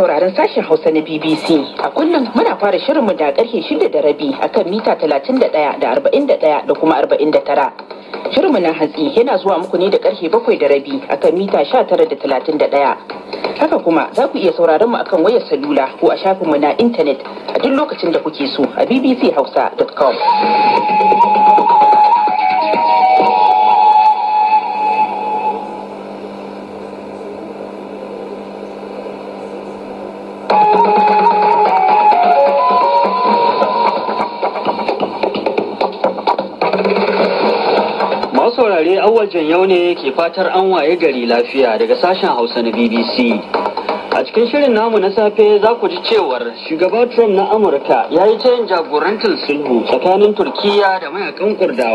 sauraron sashen Hausa na BBC. A kullum muna fara shirinmu da karfe shida da rabi akan mita talatin da ɗaya da arba'in da da ɗaya kuma arba'in da 49. Shirinmu na hatsi yana zuwa muku ne da karfe bakwai da rabi akan mita sha tara da talatin da ɗaya. Haka kuma za ku iya sauraron mu akan wayar salula ko a shafinmu na intanet a duk lokacin da kuke so a bbchausa.com. saurare awal yau ne ke fatar an waye gari lafiya daga sashen hausa na bbc a cikin shirin namu na safe za ku ji cewar shugaba trump na amurka ya yi ta yin jagorantar sulhu tsakanin Turkiyya da mayakan kurdawa